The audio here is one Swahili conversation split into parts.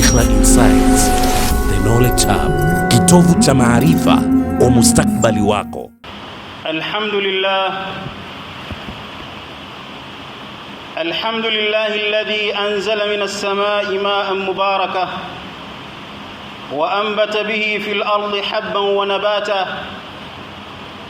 Ikhla Insights, The Knowledge Hub, kitovu cha maarifa kwa mustakbali wako. Alhamdulillah. Alhamdulillah alladhi anzala minas samai ma'an mubarakah wa anbata bihi fil ardi habban wa nabata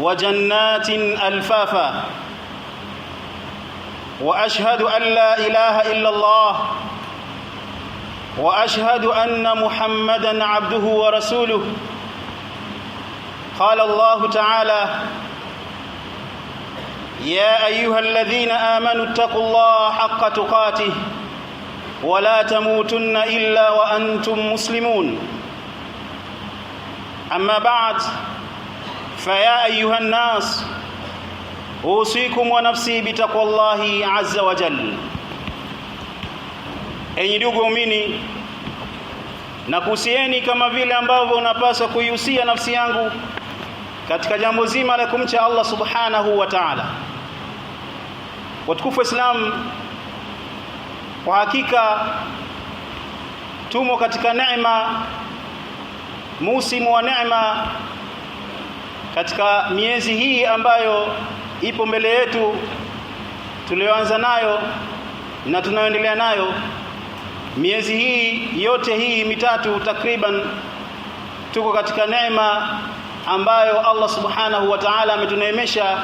وجنات الفافا واشهد ان لا اله الا الله واشهد ان محمدا عبده ورسوله قال الله تعالى يا ايها الذين امنوا اتقوا الله حق تقاته ولا تموتن الا وانتم مسلمون اما بعد فيا أيها الناس wa nafsi بتقوى azza wa jal enyi ndugu waumini na kuhusieni kama vile ambavyo unapaswa kuihusia nafsi yangu katika jambo zima la kumcha Allah subhanahu wa ta'ala watukufu Islam kwa hakika tumo katika neema musimu wa neema katika miezi hii ambayo ipo mbele yetu tulioanza nayo na tunayoendelea nayo, miezi hii yote hii mitatu takriban, tuko katika neema ambayo Allah subhanahu wa ta'ala ametuneemesha,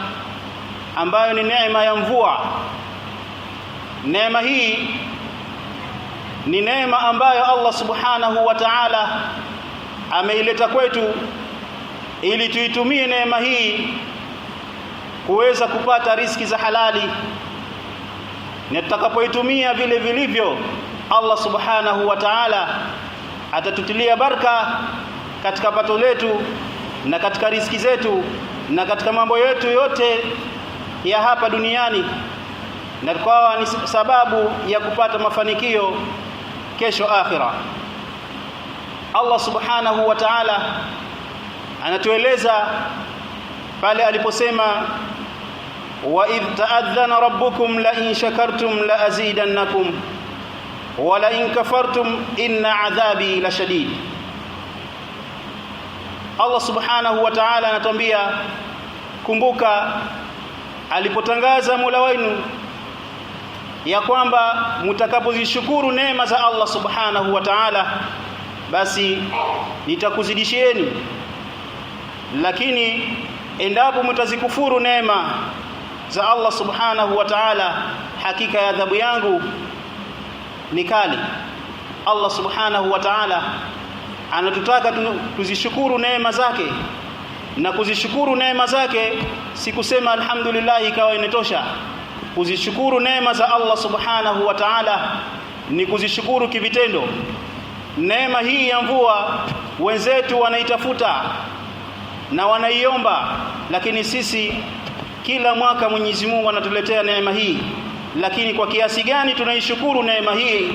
ambayo ni neema ya mvua. Neema hii ni neema ambayo Allah subhanahu wa ta'ala ameileta kwetu ili tuitumie neema hii kuweza kupata riski za halali na tutakapoitumia vile vilivyo Allah subhanahu wa ta'ala atatutilia baraka katika pato letu na katika riski zetu na katika mambo yetu yote ya hapa duniani na kwa ni sababu ya kupata mafanikio kesho akhira Allah subhanahu wa ta'ala anatueleza pale aliposema wa idh ta'adhana rabbukum la in shakartum la azidannakum wa la in kafartum inna adhabi lashadid Allah subhanahu wa ta'ala anatuambia kumbuka alipotangaza Mola wenu ya kwamba mtakapozishukuru neema za Allah subhanahu wa ta'ala basi nitakuzidishieni lakini endapo mtazikufuru neema za Allah subhanahu wa ta'ala hakika ya adhabu yangu ni kali Allah subhanahu wa ta'ala anatutaka tuzishukuru neema zake na kuzishukuru neema zake si kusema alhamdulillah ikawa inatosha kuzishukuru neema za Allah subhanahu wa ta'ala ni kuzishukuru kivitendo neema hii ya mvua wenzetu wanaitafuta na wanaiomba, lakini sisi kila mwaka Mwenyezi Mungu anatuletea neema hii, lakini kwa kiasi gani tunaishukuru neema hii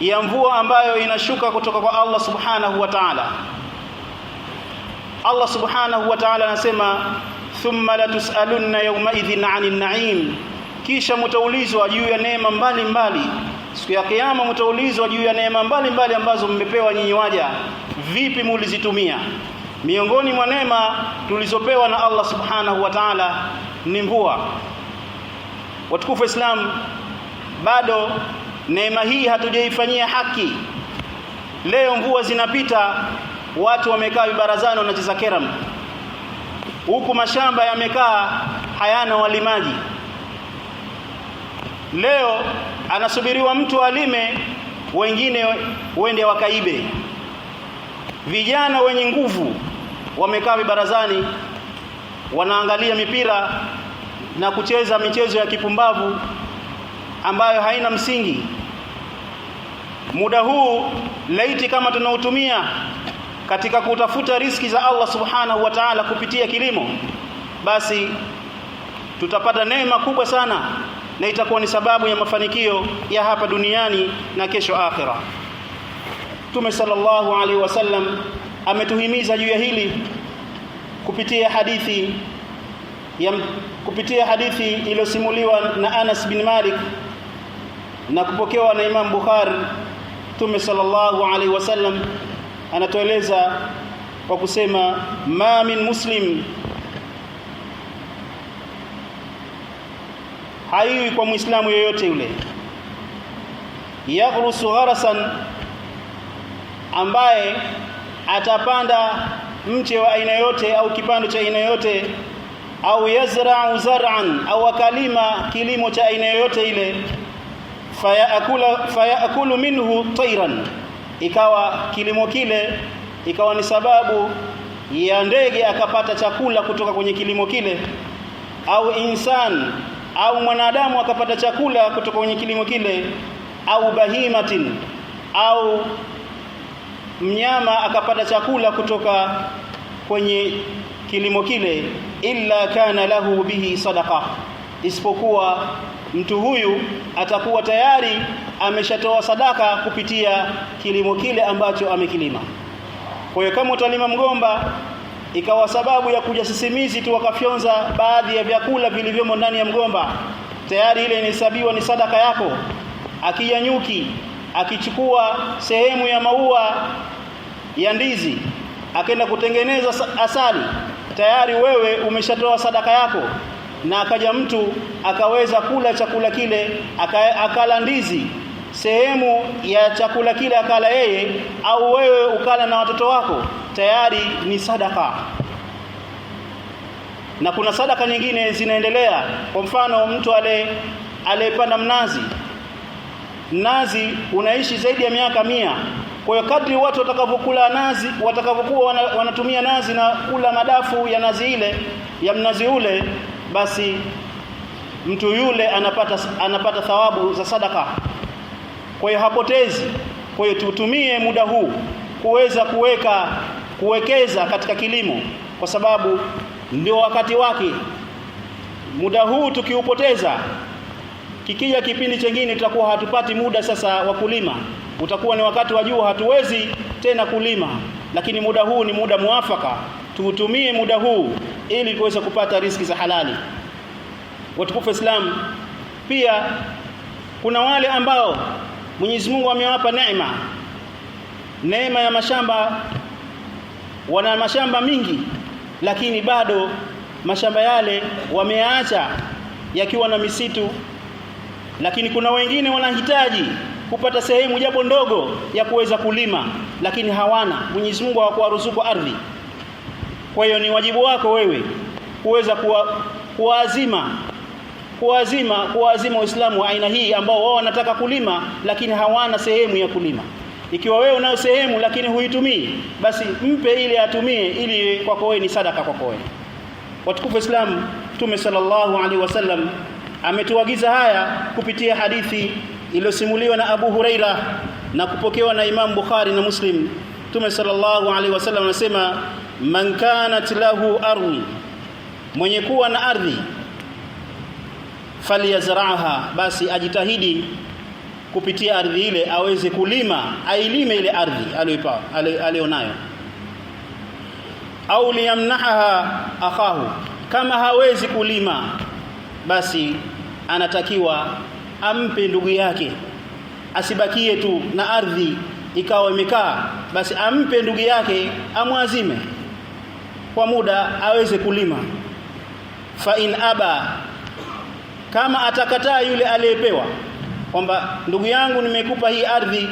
ya mvua ambayo inashuka kutoka kwa Allah subhanahu wa ta'ala. Allah subhanahu wa ta'ala anasema thumma latusalunna yawmaidhin 'anil na'im, kisha mtaulizwa juu ya neema mbalimbali siku ya Kiyama, mtaulizwa juu ya neema mbalimbali ambazo mmepewa nyinyi waja, vipi mulizitumia? Miongoni mwa neema tulizopewa na Allah subhanahu wa ta'ala ni mvua. Watukufu Islam, bado neema hii hatujaifanyia haki. Leo mvua zinapita, watu wamekaa vibarazani wanacheza keram, huku mashamba yamekaa hayana walimaji. Leo anasubiriwa mtu alime, wengine wende wakaibe. Vijana wenye nguvu wamekaa vibarazani wanaangalia mipira na kucheza michezo ya kipumbavu ambayo haina msingi. Muda huu laiti kama tunautumia katika kutafuta riski za Allah Subhanahu wa Ta'ala kupitia kilimo, basi tutapata neema kubwa sana na itakuwa ni sababu ya mafanikio ya hapa duniani na kesho akhira. Mtume sallallahu alaihi wasallam ametuhimiza juu ya hili kupitia hadithi ya kupitia hadithi iliyosimuliwa na Anas bin Malik na kupokewa na Imam Bukhari Mtume sallallahu alaihi wasallam anatueleza kwa kusema ma min muslim haiwi kwa muislamu yoyote yule yaghrusu gharasan ambaye atapanda mche wa aina yote au kipando cha aina yote au yazra'u zar'an au akalima kilimo cha aina yote ile fayaakula fayakulu minhu tayran ikawa kilimo kile ikawa ni sababu ya ndege akapata chakula kutoka kwenye kilimo kile au insan au mwanadamu akapata chakula kutoka kwenye kilimo kile au bahimatin au mnyama akapata chakula kutoka kwenye kilimo kile illa kana lahu bihi sadaqa isipokuwa mtu huyu atakuwa tayari ameshatoa sadaka kupitia kilimo kile ambacho amekilima kwa hiyo kama utalima mgomba ikawa sababu ya kuja sisimizi tu wakafyonza baadhi ya vyakula vilivyomo ndani ya mgomba tayari ile inahesabiwa ni sadaka yako akija nyuki akichukua sehemu ya maua ya ndizi akaenda kutengeneza asali tayari wewe umeshatoa sadaka yako na akaja mtu akaweza kula chakula kile aka, akala ndizi sehemu ya chakula kile akala yeye au wewe ukala na watoto wako tayari ni sadaka na kuna sadaka nyingine zinaendelea kwa mfano mtu ale aliyepanda mnazi mnazi unaishi zaidi ya miaka mia kwa hiyo kadri watu watakavyokula nazi, watakavyokuwa wanatumia nazi na kula madafu ya nazi ile ya mnazi ule, basi mtu yule anapata anapata thawabu za sadaka. Kwa hiyo hapotezi. Kwa hiyo tutumie muda huu kuweza kuweka kuwekeza katika kilimo, kwa sababu ndio wakati wake. Muda huu tukiupoteza, kikija kipindi chengine tutakuwa hatupati muda sasa wa kulima utakuwa ni wakati wa jua, hatuwezi tena kulima, lakini muda huu ni muda muafaka, tuutumie muda huu ili tuweze kupata riski za halali. Watukufu Islam, pia kuna wale ambao Mwenyezi Mungu amewapa neema, neema ya mashamba, wana mashamba mingi, lakini bado mashamba yale wameacha yakiwa na misitu, lakini kuna wengine wanahitaji kupata sehemu japo ndogo ya kuweza kulima, lakini hawana. Mwenyezi Mungu hakuwaruzuku ardhi. Kwa hiyo ni wajibu wako wewe kuweza kuwaazima kuwazima kuwazima Waislamu wa aina hii ambao wao wanataka kulima lakini hawana sehemu ya kulima. Ikiwa wewe unayo sehemu lakini huitumii, basi mpe ile atumie, ili kwako wewe ni sadaka kwako wewe. Watukufu Waislamu, Mtume sallallahu alaihi wasallam ametuagiza haya kupitia hadithi iliyosimuliwa na Abu Huraira na kupokewa na Imam Bukhari na Muslim. Mtume sallallahu alaihi wasallam anasema man kanat lahu ardhi, mwenye kuwa na ardhi falyazraha basi ajitahidi kupitia ardhi ile aweze kulima, ailime ile ardhi aliyonayo. Au liyamnahaha akahu, kama hawezi kulima, basi anatakiwa ampe ndugu yake asibakie tu na ardhi ikawa imekaa basi ampe ndugu yake amwazime kwa muda aweze kulima fa in aba kama atakataa yule aliyepewa kwamba ndugu yangu nimekupa hii ardhi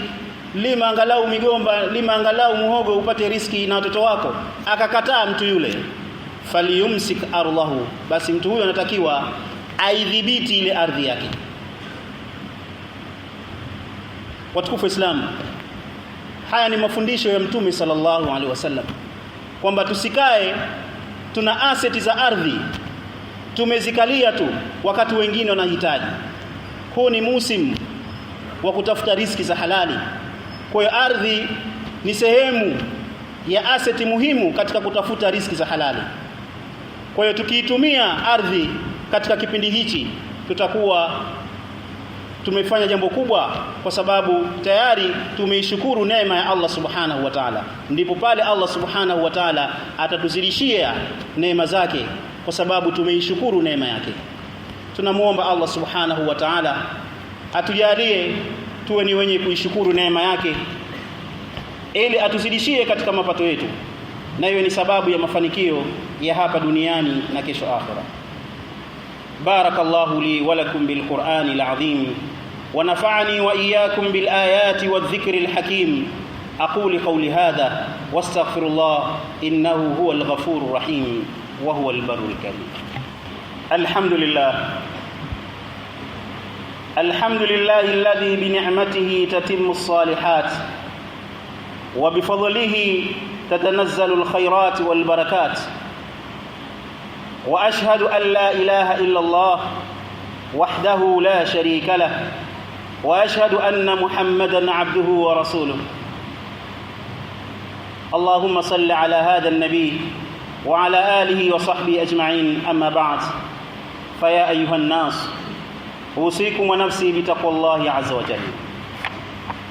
lima angalau migomba lima angalau muhogo upate riski na watoto wako akakataa mtu yule faliyumsik arlahu basi mtu huyo anatakiwa aidhibiti ile ardhi yake Watukufu wa Islamu, haya ni mafundisho ya Mtume sallallahu alaihi wasallam kwamba tusikae tuna aseti za ardhi tumezikalia tu wakati wengine wanahitaji. Huu ni musim wa kutafuta riski za halali. Kwa hiyo ardhi ni sehemu ya aseti muhimu katika kutafuta riski za halali. Kwa hiyo tukiitumia ardhi katika kipindi hichi tutakuwa tumefanya jambo kubwa kwa sababu tayari tumeishukuru neema ya Allah subhanahu wa ta'ala. Ndipo pale Allah subhanahu wa ta'ala atatuzidishia neema zake kwa sababu tumeishukuru neema yake. Tunamwomba Allah subhanahu wa ta'ala atujalie tuwe ni wenye kuishukuru neema yake ili atuzidishie katika mapato yetu na hiyo ni sababu ya mafanikio ya hapa duniani na kesho akhera. بارك الله لي ولكم بالقرآن العظيم ونفعني وإياكم بالآيات والذكر الحكيم أقول قولي هذا واستغفر الله إنه هو الغفور الرحيم وهو البر الكريم الحمد لله الحمد لله الذي بنعمته تتم الصالحات وبفضله تتنزل الخيرات والبركات وأشهد أن لا إله إلا الله وحده لا شريك له وأشهد أن محمدا عبده ورسوله اللهم صل على هذا النبي وعلى آله وصحبه أجمعين أما بعد فيا أيها الناس أوصيكم ونفسي بتقوى الله عز وجل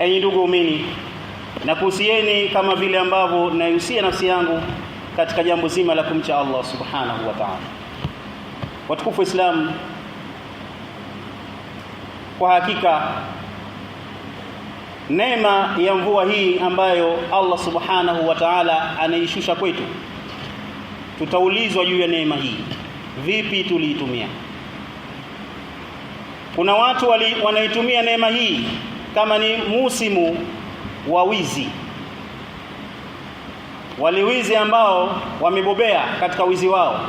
أي ndugu umini كما kuhusieni kama vile ambavyo naihusia nafsi yangu katika jambo zima la kumcha Allah subhanahu wa ta'ala. Watukufu Islam, kwa hakika neema ya mvua hii ambayo Allah subhanahu wa ta'ala anaishusha kwetu, tutaulizwa juu ya neema hii, vipi tuliitumia? Kuna watu wanaitumia neema hii kama ni musimu wa wizi waliwizi ambao wamebobea katika wizi wao,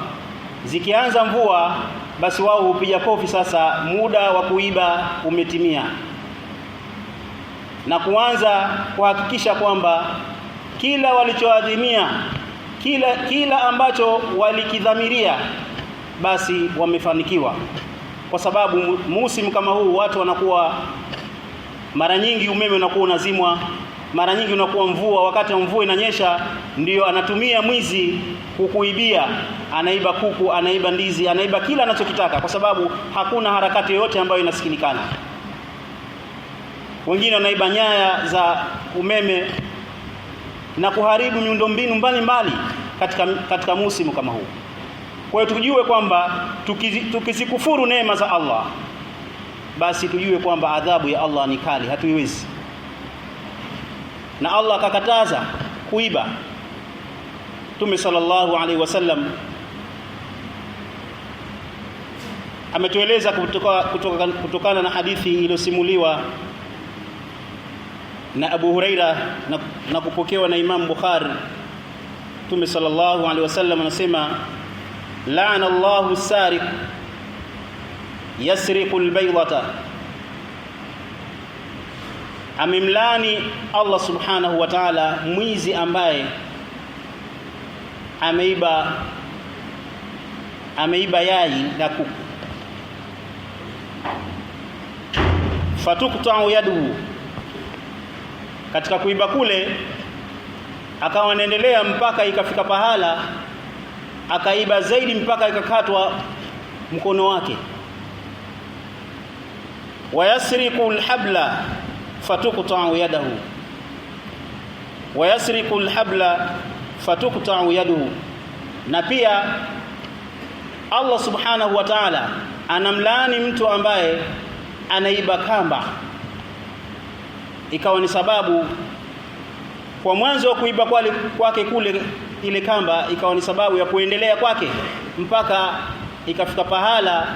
zikianza mvua basi wao hupiga kofi, sasa muda wa kuiba umetimia, na kuanza kuhakikisha kwamba kila walichoadhimia, kila kila ambacho walikidhamiria, basi wamefanikiwa, kwa sababu musimu kama huu watu wanakuwa mara nyingi umeme unakuwa unazimwa mara nyingi unakuwa mvua, wakati wa mvua inanyesha, ndiyo anatumia mwizi kukuibia. Anaiba kuku, anaiba ndizi, anaiba kila anachokitaka, kwa sababu hakuna harakati yoyote ambayo inasikilikana. Wengine wanaiba nyaya za umeme na kuharibu miundombinu mbalimbali katika, katika musimu kama huu. Kwa hiyo tujue kwamba tukizikufuru tukizi neema za Allah, basi tujue kwamba adhabu ya Allah ni kali, hatuiwezi na Allah akakataza kuiba Mtume sallallahu alaihi wasallam ametueleza kutoka, kutoka, kutokana na hadithi iliyosimuliwa na Abu Huraira na, na kupokewa na Imam Bukhari Mtume sallallahu alaihi wasallam anasema la'ana Allahu sariq yasriqu albaydata amemlani Allah subhanahu wa ta'ala mwizi ambaye ameiba ameiba yai na kuku fatuktau yaduhu katika kuiba kule akawa anaendelea mpaka ikafika pahala akaiba zaidi mpaka ikakatwa mkono wake wayasriqu alhabla fatukutau yadahu wayasriku alhabla fatukutau yaduhu, na pia Allah subhanahu wa ta'ala anamlaani mtu ambaye anaiba kamba, ikawa ni sababu kwa mwanzo wa kuiba kwake kule ile kamba ikawa ni sababu ya kuendelea kwake mpaka ikafika pahala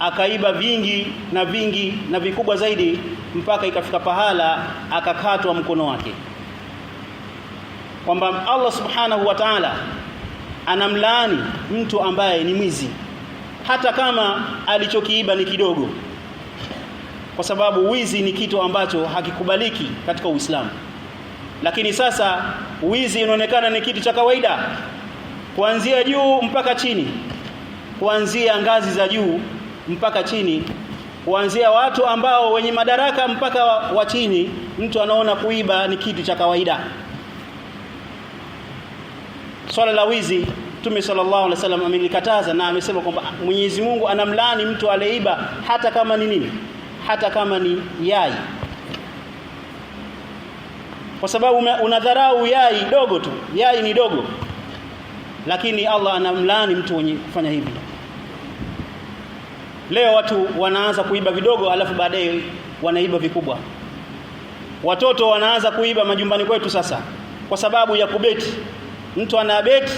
akaiba vingi na vingi na vikubwa zaidi mpaka ikafika pahala akakatwa mkono wake, kwamba Allah subhanahu wa ta'ala anamlaani mtu ambaye ni mwizi hata kama alichokiiba ni kidogo, kwa sababu wizi ni kitu ambacho hakikubaliki katika Uislamu. Lakini sasa wizi inaonekana ni kitu cha kawaida, kuanzia juu mpaka chini, kuanzia ngazi za juu mpaka chini kuanzia watu ambao wenye madaraka mpaka wa chini, mtu anaona kuiba ni kitu cha kawaida. Swala la wizi Mtume sallallahu alaihi wasallam amelikataza na amesema kwamba Mwenyezi Mungu anamlani mtu aliyeiba hata kama ni nini? Hata kama ni yai. Kwa sababu unadharau yai dogo tu, yai ni dogo, lakini Allah anamlani mtu mwenye kufanya hivyo. Leo watu wanaanza kuiba vidogo, alafu baadaye wanaiba vikubwa. Watoto wanaanza kuiba majumbani kwetu sasa kwa sababu ya kubeti. Mtu anabeti,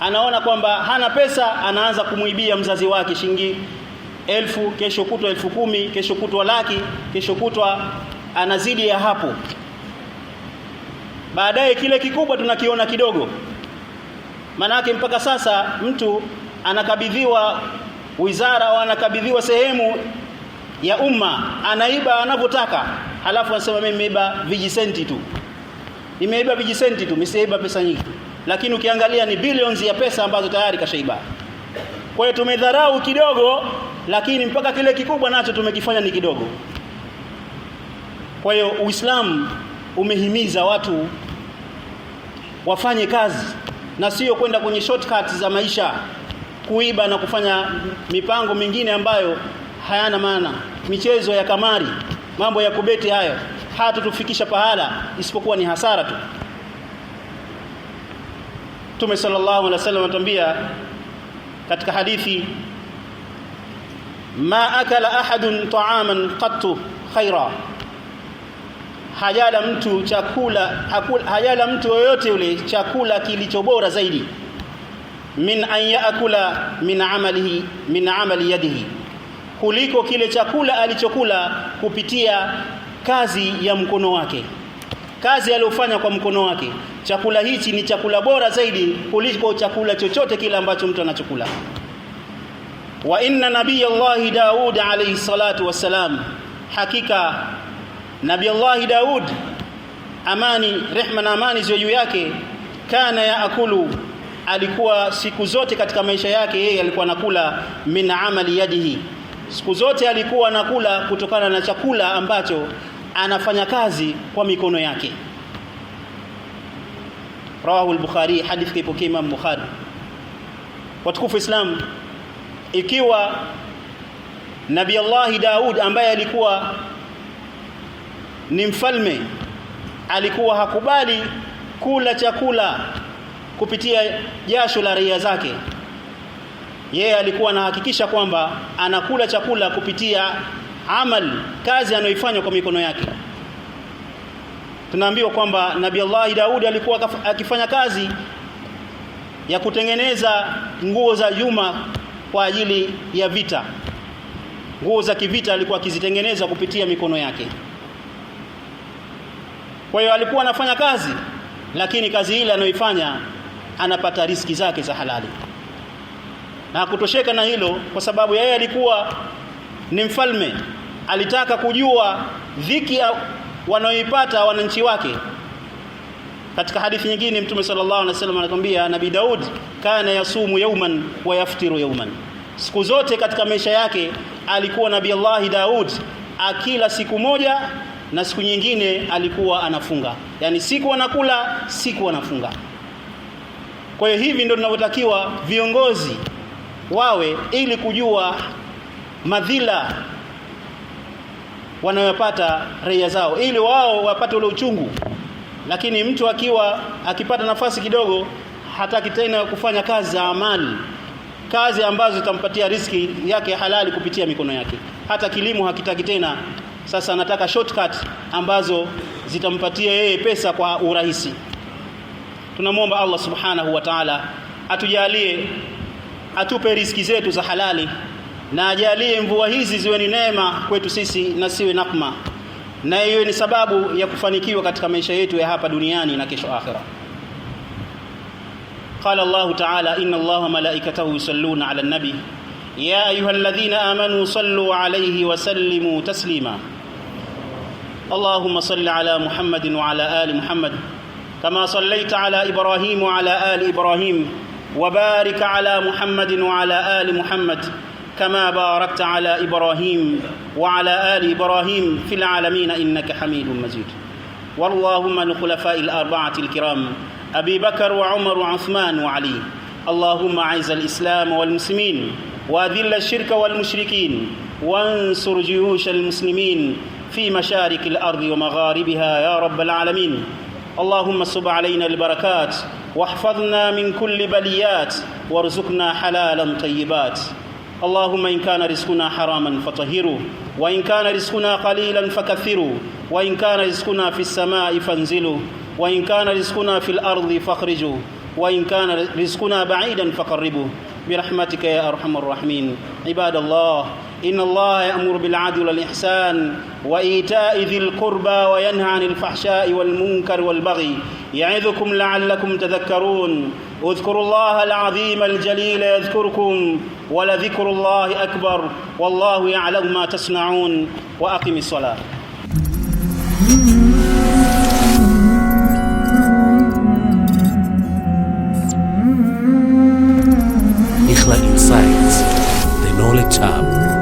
anaona kwamba hana pesa, anaanza kumuibia mzazi wake shilingi elfu, kesho kutwa elfu kumi, kesho kutwa laki, kesho kutwa anazidi ya hapo. Baadaye kile kikubwa tunakiona kidogo. Maana mpaka sasa mtu anakabidhiwa wizara wanakabidhiwa sehemu ya umma anaiba anavyotaka halafu anasema mimi nimeiba vijisenti tu nimeiba vijisenti tu msiiba pesa nyingi lakini ukiangalia ni billions ya pesa ambazo tayari kashaiba kwa hiyo tumedharau kidogo lakini mpaka kile kikubwa nacho tumekifanya ni kidogo kwa hiyo Uislamu umehimiza watu wafanye kazi na sio kwenda kwenye shortcuts za maisha kuiba na kufanya mipango mingine ambayo hayana maana michezo ya kamari mambo ya kubeti hayo hatutufikisha pahala isipokuwa ni hasara tu Mtume sallallahu alaihi wasallam anatuambia katika hadithi ma akala ahadun ta'aman qattu khaira hajala mtu chakula hakula, hajala mtu yoyote yule chakula kilicho bora zaidi min an yaakula min amalihi min amali yadihi, kuliko kile chakula alichokula kupitia kazi ya mkono wake, kazi aliyofanya kwa mkono wake. Chakula hichi ni chakula bora zaidi kuliko chakula chochote kile ambacho mtu anachokula. Wa inna nabiyallahi Daud alayhi salatu wassalam, hakika nabiyallahi Daud amani rehma na amani ziwe juu yake, kana yaakulu alikuwa siku zote katika maisha yake yeye alikuwa anakula min amali yadihi, siku zote alikuwa anakula kutokana na chakula ambacho anafanya kazi kwa mikono yake. Rawahu al-Bukhari, hadithi kaipokea Imam Bukhari. Watukufu Islam, ikiwa nabi Allah Daud ambaye alikuwa ni mfalme alikuwa hakubali kula chakula kupitia jasho la raia zake yeye alikuwa anahakikisha kwamba anakula chakula kupitia amal kazi anayoifanya kwa mikono yake tunaambiwa kwamba Nabii Allah Daudi alikuwa akifanya kazi ya kutengeneza nguo za yuma kwa ajili ya vita nguo za kivita alikuwa akizitengeneza kupitia mikono yake kwa hiyo alikuwa anafanya kazi lakini kazi ile anayoifanya anapata riski zake za halali na kutosheka na hilo kwa sababu yeye alikuwa ni mfalme alitaka kujua dhiki wanaoipata wananchi wake katika hadithi nyingine mtume sallallahu alaihi wasallam anakwambia Nabi Daud kana yasumu yauman wa yaftiru yauman siku zote katika maisha yake alikuwa Nabi Allah Daud akila siku moja na siku nyingine alikuwa anafunga yani siku anakula siku anafunga kwa hiyo hivi ndio tunavyotakiwa viongozi wawe ili kujua madhila wanayopata raia zao ili wao wapate ule uchungu. Lakini mtu akiwa akipata nafasi kidogo hataki tena kufanya kazi za amali, kazi ambazo zitampatia riski yake halali kupitia mikono yake. Hata kilimo hakitaki tena, sasa anataka shortcut ambazo zitampatia yeye pesa kwa urahisi tunamwomba Allah subhanahu wa ta'ala atujalie atupe riski zetu za halali na ajalie mvua hizi ziwe ni neema kwetu sisi na siwe nakma na iwe ni sababu ya kufanikiwa katika maisha yetu ya hapa duniani na kesho akhira قال الله تعالى إن الله ملائكته يصلون على النبي يا أيها الذين آمنوا صلوا عليه وسلموا تسليما اللهم صل على محمد وعلى آل محمد كما صليت على إبراهيم وعلى آل إبراهيم وبارك على محمد وعلى آل محمد كما باركت على إبراهيم وعلى آل إبراهيم في العالمين إنك حميد مجيد واللهم الخلفاء الأربعة الكرام أبي بكر وعمر وعثمان وعلي اللهم أعز الإسلام والمسلمين وأذل الشرك والمشركين وانصر جيوش المسلمين في مشارق الأرض ومغاربها يا رب العالمين اللهم صب علينا البركات واحفظنا من كل بليات وارزقنا حلالا طيبات اللهم إن كان رزقنا حراما فطهره وإن كان رزقنا قليلا فكثره وإن كان رزقنا في السماء فانزله وإن كان رزقنا في الأرض فاخرجه وإن كان رزقنا بعيدا فقربه برحمتك يا أرحم الراحمين عباد الله إن الله يأمر بالعدل والإحسان وإيتاء ذي القربى وينهى عن الفحشاء والمنكر والبغي يعظكم لعلكم تذكرون اذكروا الله العظيم الجليل يذكركم ولذكر الله أكبر والله يعلم ما تصنعون وأقم الصلاة Insights, the Knowledge Hub.